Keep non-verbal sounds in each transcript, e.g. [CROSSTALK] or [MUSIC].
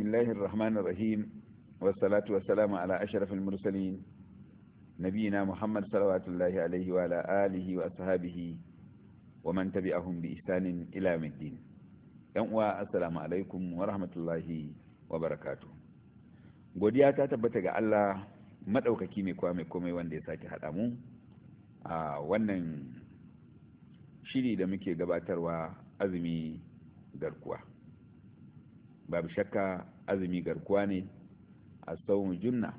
بسم الله الرحمن الرحيم والصلاة والسلام على أشرف المرسلين نبينا محمد صلوات الله عليه وعلى آله وأصحابه ومن تبعهم بإحسان إلى يوم barakatu godiya ta tabbata ga Allah maɗaukaki mai kowa mai komai wanda ya sake haɗa mu a wannan shiri da muke gabatarwa azumi garkuwa babu shakka azumi garkuwa ne a tsawon junna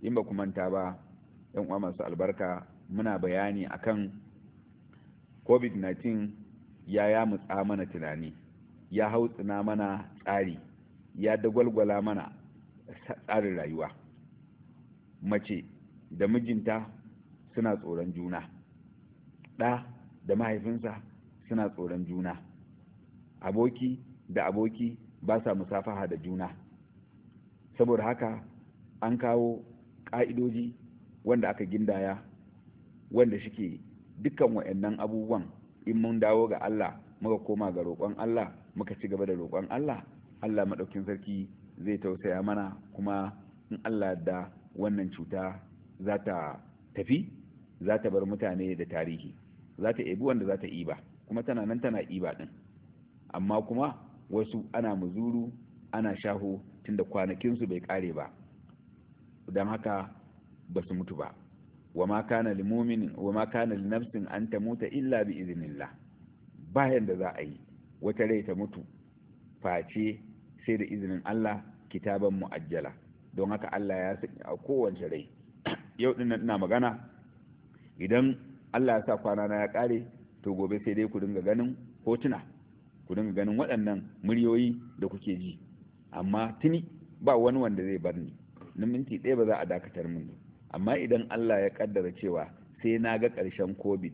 in ba manta ba yan uwa masu albarka muna bayani akan covid-19 ya yamutsa mana tunani ya hautsina mana tsari ya dagwalgwala mana tsarin rayuwa mace da mijinta suna tsoron juna ɗa da mahaifinsa suna tsoron juna aboki da aboki ba sa musafaha da juna saboda haka an kawo ƙa'idoji wanda aka gindaya wanda shike dukkan wa'annan abubuwan in mun dawo ga Allah muka koma ga roƙon Allah muka ci gaba da roƙon Allah Allah maɗaukin sarki zai tausaya mana kuma in Allah da wannan cuta za ta tafi za ta bar mutane da tarihi za ta ebi wanda za ta iba kuma tana nan tana iba ɗin amma kuma wasu ana muzuru ana shaho tunda kwanakinsu bai kare ba don haka ba su mutu ba wa ma kana limuminin wa linafsin an ta muta illa bi iznillah bayan da za a yi wata rai ta mutu face sai da izinin Allah kitaban mu'ajjala don haka Allah ya sanya a kowace rai yau din ina magana idan Allah ya sa kwana na ya kare to gobe sai dai ku dinga ganin hotuna ku dinga ganin waɗannan muryoyi da kuke ji amma tuni ba wani wanda zai bar ni na minti ɗaya ba za a dakatar min amma idan Allah ya kaddara cewa sai na ga ƙarshen covid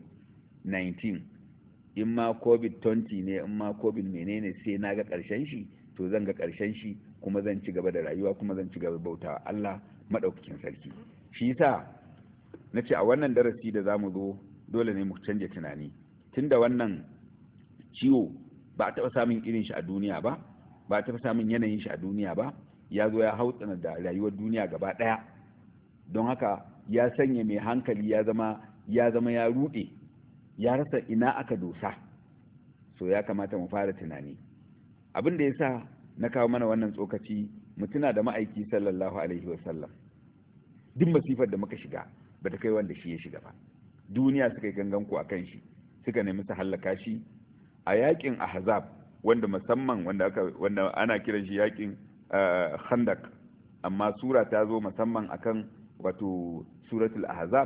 19 in ma covid 20 ne in ma covid menene sai na ga ƙarshen shi to zan ga ƙarshen shi kuma zan ci gaba da rayuwa kuma zan ci gaba da bauta Allah maɗaukakin sarki shi yasa na ce a wannan darasi da za mu zo dole ne mu canja tunani tunda wannan ciwo ba a taɓa samun irin shi a duniya ba ba a taɓa samun yanayin shi a duniya ba ya zo ya hau hautsana da rayuwar duniya gaba ɗaya don haka ya sanya mai hankali ya zama ya zama ya ruɗe ya rasa ina aka dosa so ya kamata mu fara tunani abin da ya sa na kawo mana wannan tsokaci mu tuna da ma'aiki sallallahu alaihi wasallam duk masifar da muka shiga ba ta kai wanda shi ya shiga ba duniya suka yi gangan ku a kan shi suka nemi su hallaka shi a yakin ahzab wanda musamman wanda aka wanda ana kiran shi yakin eh, khandak amma sura ta zo musamman akan wato suratul ahzab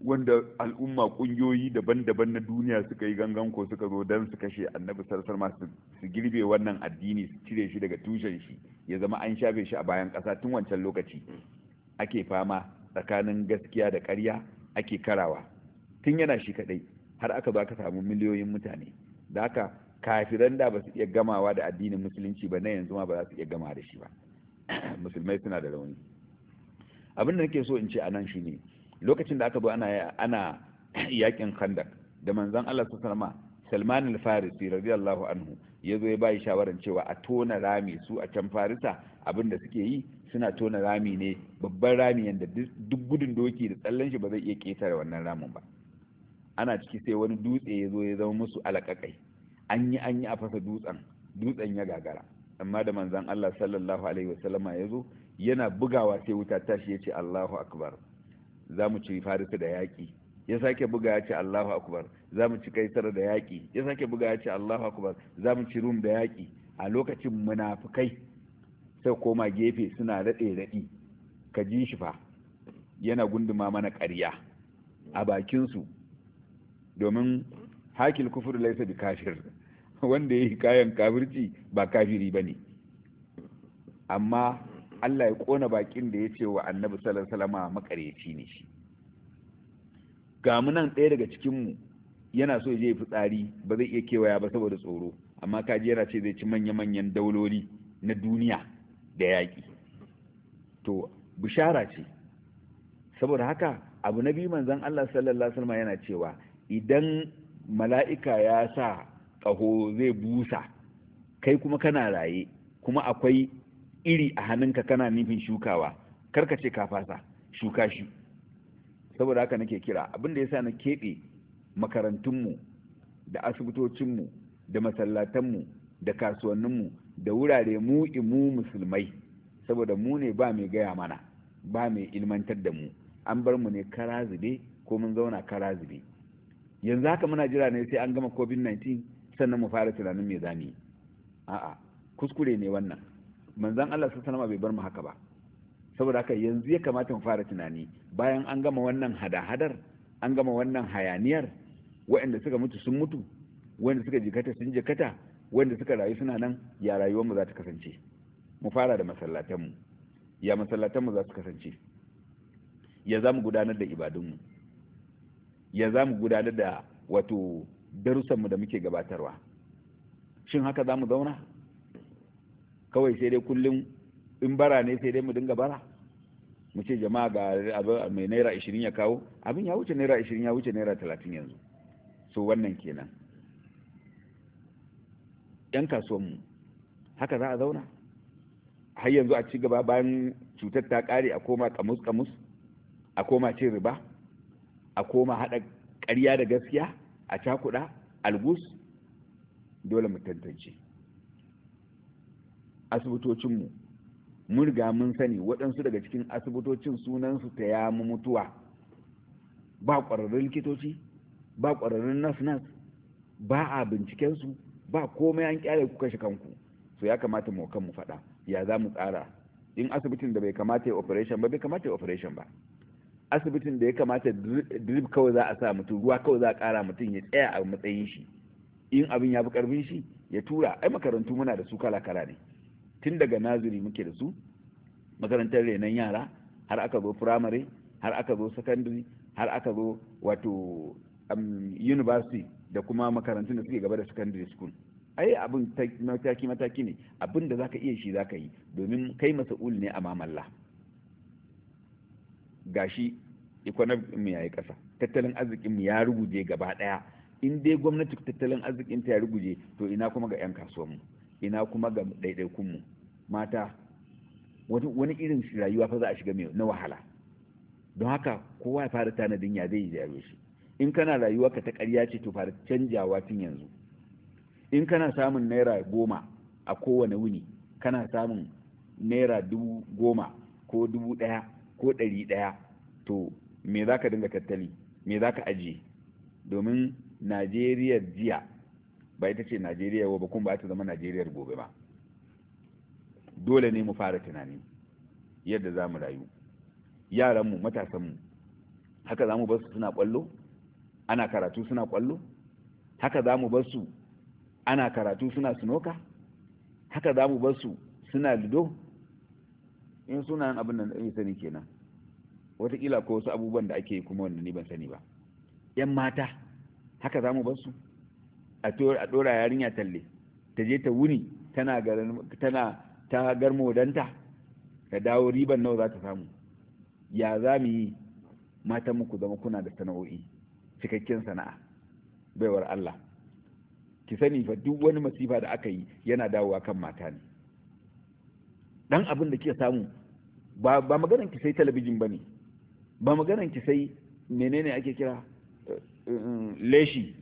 wanda al'umma kungiyoyi daban-daban na duniya suka yi gangan ko suka zo don su kashe annabi sarsar masu su girbe wannan addini su cire shi daga tushen shi ya zama an shafe shi a bayan ƙasa tun wancan lokaci ake fama tsakanin gaskiya da ƙarya ake karawa tun yana shi kaɗai har aka ba ka samu miliyoyin mutane da haka kafiran da ba su iya gamawa da addinin musulunci ba na yanzu ma ba za su iya gama da shi ba [CLEARS THROAT] musulmai suna da rauni abin da nake so in ce a nan shine lokacin da aka zo ana ana [CLEARS THROAT] yakin khandak da manzon Allah sallallahu alaihi Salman al-Farisi radiyallahu anhu ya zo ya bayi shawaran cewa a tona rami su a can Farisa abin da suke yi suna tona rami ne babban rami yanda duk gudun doki da tsallan shi ba zai iya ketare wannan ramin ba ana ciki sai wani dutse ya zo ya zama musu alaƙaƙai an yi an yi a fasa dutsen dutsen ya gagara amma da manzan Allah sallallahu alaihi wasallama ya zo yana bugawa sai wuta tashi ya ce Allahu akbar za mu ci farisa da yaƙi ya sake buga ya ce Allahu akbar za mu ci kaisar da yaƙi ya sake buga ya ce Allahu akbar za mu ci rum da yaƙi a lokacin munafukai sai koma gefe suna daɗe daɗi ka ji shi fa yana gunduma mana ƙarya a bakinsu domin hakil kufur laisa bi kafir [LAUGHS] wanda ya yi kayan kafirci ba kafiri ba ne amma Allah ya kona bakin da ya ce wa annabi salama makareci ne shi ga nan ɗaya daga cikinmu yana so je fitsari ba zai iya kewaya ba saboda tsoro amma kaji yana ce zai ci manya-manyan dauloli na duniya da yaƙi to bishara ce saboda haka abu na biyu manzon Allah sallallahu alaihi wasallam yana cewa idan mala'ika ya sa ƙaho zai busa kai kuma kana raye kuma akwai iri a hannunka kana nufin shukawa karka ce ka fasa shuka shi saboda haka nake kira abinda ya sa na keɓe makarantunmu da asibitocinmu da masallatanmu da kasuwanninmu da wurare mu imu musulmai saboda mu ne ba mai gaya mana ba mai ilmantar da mu an bar mu ne kara zube ko mun zauna kara zube yanzu haka muna jira ne sai an gama covid-19 sannan mu fara tunanin me yi. a'a kuskure ne wannan manzon Allah sallallahu alaihi bai bar mu haka ba saboda haka yanzu ya kamata mu fara tunani bayan an gama wannan hada-hadar an gama wannan hayaniyar waɗanda suka mutu sun mutu waɗanda suka jikata sun jikata waɗanda suka rayu suna nan ya rayuwarmu za ta kasance mu fara da masallatanmu ya masallatanmu za su kasance ya za mu gudanar da ibadunmu ya za mu gudanar da wato darussanmu da muke gabatarwa shin haka za mu zauna kawai sai dai kullum in bara ne sai dai mu dinga bara mu ce jama'a ga mai naira ishirin ya kawo abin ya wuce naira ishirin, ya wuce naira talatin yanzu so wannan kenan yan kasuwanmu haka za a zauna har yanzu a ci gaba bayan cutar ta kare a koma kamus kamus a koma cin riba a koma haɗa ƙarya da gaskiya a cakuɗa algus dole mu tantance asibitocinmu mun riga mun sani waɗansu daga cikin asibitocin sunansu ta ya mutuwa ba ƙwararrun likitoci ba ƙwararrun nas-nas ba a bincikensu ba komai an kyale ku kashe kanku so ya kamata mu kan mu faɗa ya za mu tsara in asibitin da bai kamata ya operation ba bai kamata ya operation ba asibitin da ya kamata drip kawai za a sa mutum ruwa kawai za a kara mutum ya tsaya a matsayin shi in abin ya fi karfin shi ya tura ai makarantu muna da su kala kala ne tun daga naziri muke da su makarantar renon yara har aka zo firamare har aka zo sakandare har aka zo wato um, university da kuma makarantun da suke gaba da secondary school ai abin mataki mataki ne abin da zaka iya shi zaka yi domin kai masa'ul ne a mamalla gashi economic mu yayi ƙasa tattalin arzikin mu ya ruguje gaba ɗaya in dai gwamnati tattalin arzikin ta ya ruguje to ina kuma ga 'yan kasuwanmu ina kuma ga ɗaiɗaikunmu mata wani irin rayuwa fa za a shiga mai na wahala don haka kowa ya fara tanadin ya zai yi shi in kana rayuwa ka ta ƙarya ce to fara canjawa tun yanzu in kana samun naira goma a kowane wuni kana samun naira dubu goma ko dubu ɗaya ko ɗari ɗaya to me za ka dinga tattali me za ka ajiye domin najeriya jiya ba ita ce najeriya ba kuma ba ta zama najeriyar gobe ba dole ne mu fara tunani yadda za mu rayu yaranmu matasanmu haka za mu bar su suna kwallo ana karatu suna kwallo haka za mu bar su ana karatu suna sunoka haka za mu bar su suna lido in suna abin nan da sani kenan watakila ko wasu abubuwan da ake kuma wanda ni ban sani ba yan mata haka za mu bar su a ɗora yarinya talle ta je ta wuni tana tana ta garmo danta ta dawo riban nawa za ta samu ya za mu yi mata muku zama kuna da sana'o'i cikakken sana'a baiwar Allah ki sani fa duk wani masifa da aka yi yana dawowa kan mata ne dan abin da kika samu ba maganan ki sai talabijin ba ne, ba maganan ki sai menene ake kira eh, eh, leshi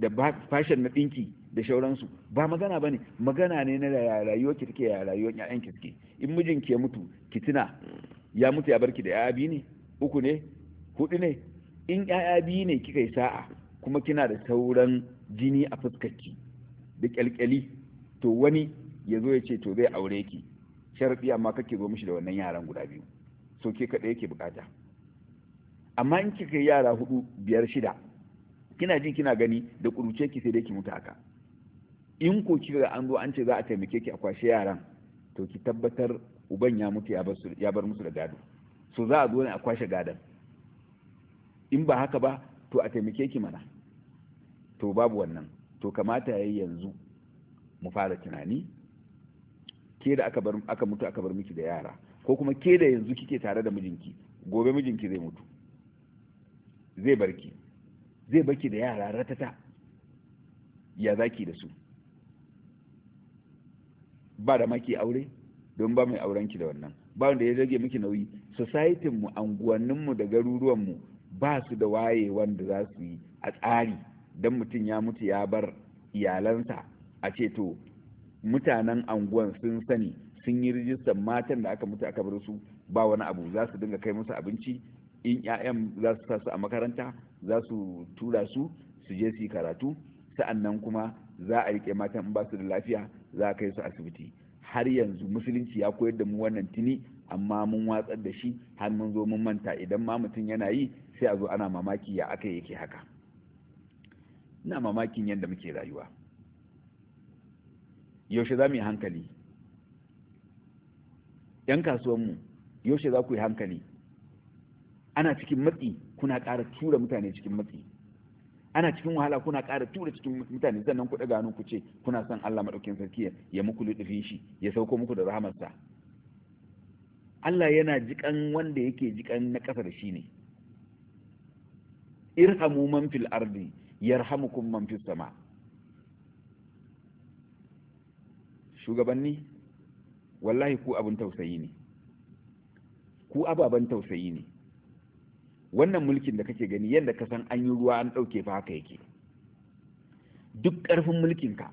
da fashion na dinki da shauransu ba magana ba ne magana ne na rayuwa ki take ya rayuwa ƴaƴan ki take in mijin ki ya mutu ki tuna ya mutu ya barki da ƴaƴa biyu ne uku ne hudu ne in ƴaƴa biyu ne kika yi sa'a kuma kina da sauran jini a fuskar ki da kyalkyali to wani ya zo ya ce to zai aure ki sharaɗi amma kake zo mishi da wannan yaran guda biyu so ke kaɗai yake bukata amma in kika yara hudu biyar shida kina ji kina gani da ƙuruce ki sai dai ki mutu haka in ko kika an zo an ce za a taimake ki a kwashe yaran to ki tabbatar uban ya mutu ya bar musu da gado so za a zo ne a kwashe gadon in ba haka ba to a taimake ki mana to babu wannan to kamata yayi yanzu mu fara tunani ke da aka bar aka mutu aka bar miki da yara ko kuma ke da yanzu kike tare da mijinki gobe mijinki zai mutu zai barki zai barki da yara ratata ya zaki da su ba da maki aure don ba mai aurenki da wannan ba wanda ya rage miki nauyi society mu anguwannin mu da garuruwan mu ba su da waye wanda za su yi a tsari dan mutum ya mutu ya bar iyalansa a ce to mutanen anguwan sun sani sun yi rijistar matan da aka mutu aka bar su ba wani abu za su dinga kai musu abinci in 'ya'yan za su sa su a makaranta za su tura su su je su yi karatu sa'annan kuma za a rike matan in ba su da lafiya za a kai su asibiti har yanzu musulunci ya koyar da mu wannan tuni amma mun watsar da shi har mun zo mun manta idan ma mutum yana yi sai a zo ana mamaki ya aka yake haka ina mamakin yadda muke rayuwa yaushe za mu yi hankali yan kasuwanmu yaushe za ku yi hankali ana cikin matsi kuna ƙara tura mutane cikin matsi ana cikin wahala kuna ƙara tura cikin mutane sannan ku ɗaga hannu ku ce kuna son Allah maɗaukin sarki ya muku lutufi shi ya sauko muku da rahamarsa Allah yana jikan wanda yake jikan na ƙasa da shi ne irhamu man fil ardi yarhamukum man fis sama' shugabanni wallahi ku abin tausayi ne ku ababen tausayi ne wannan mulkin da kake gani yadda ka san an yi ruwa an ɗauke fa haka yake duk ƙarfin mulkinka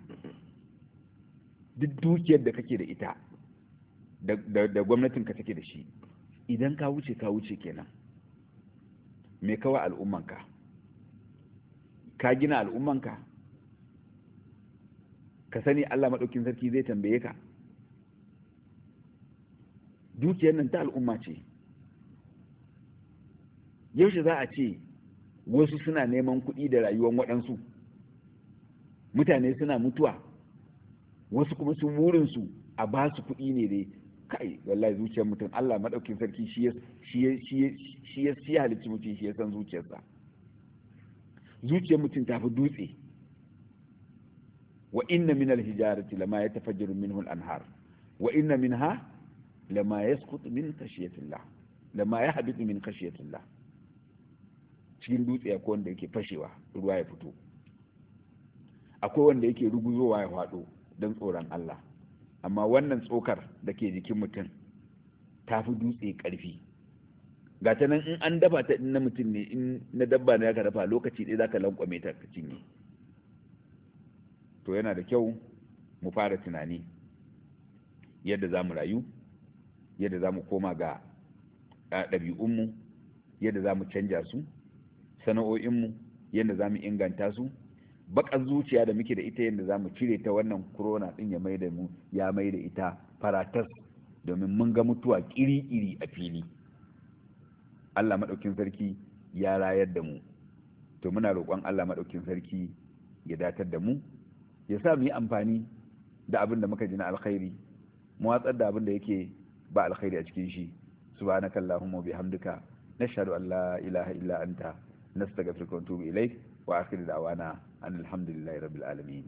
duk dukiyar da kake da ita da gwamnatin gwamnatinka take da shi idan ka wuce ka wuce kenan me kawa al'ummanka ka gina al'ummanka ka sani Allah maɗaukin sarki zai tambaye ka dukiyar nan ta al'umma ce yaushe za a ce wasu suna neman kuɗi da rayuwar waɗansu mutane suna mutuwa wasu kuma su a ba su kuɗi ne dai kai wallahi zuciyar mutum Allah maɗaukin sarki shi ya halicci mutum shi ya san zuciyarsa zuciyar mutum ta fi dutse wa inna min alhijarati lama yatafajjaru minhu al-anhar wa inna minha lama yasqutu min khashiyatillah lama yahbitu min khashiyatillah cikin dutse akwai wanda yake fashewa ruwa ya fito akwai wanda yake ruguzowa ya haɗo don tsoron Allah amma wannan tsokar da ke jikin mutum ta fi dutse ƙarfi ga nan in an dafa ta na mutum ne in na dabba ne aka dafa lokaci ɗaya za ka lankwame ta ka cinye to yana da kyau mu fara tunani yadda za mu rayu yadda za mu koma ga ɗabi'unmu yadda za mu canja su sana'o'inmu yadda za mu inganta su baƙar zuciya da muke da ita yadda za mu cire ta wannan corona ɗin ya mai da mu ya mai da ita faratas domin mun ga mutuwa ƙiri-ƙiri a fili allah maɗaukin sarki ya rayar da mu to muna roƙon allah maɗaukin sarki ya datar da mu ya sa mu yi amfani da abin da muka ji na alkhairi mu watsar da abin da yake ba alkhairi a cikin shi subhanaka allahumma bihamdika nashhadu an la ilaha illa anta nastaghfiruka wa atubu ilaik wa akhiru da'wana alhamdulillahi rabbil alamin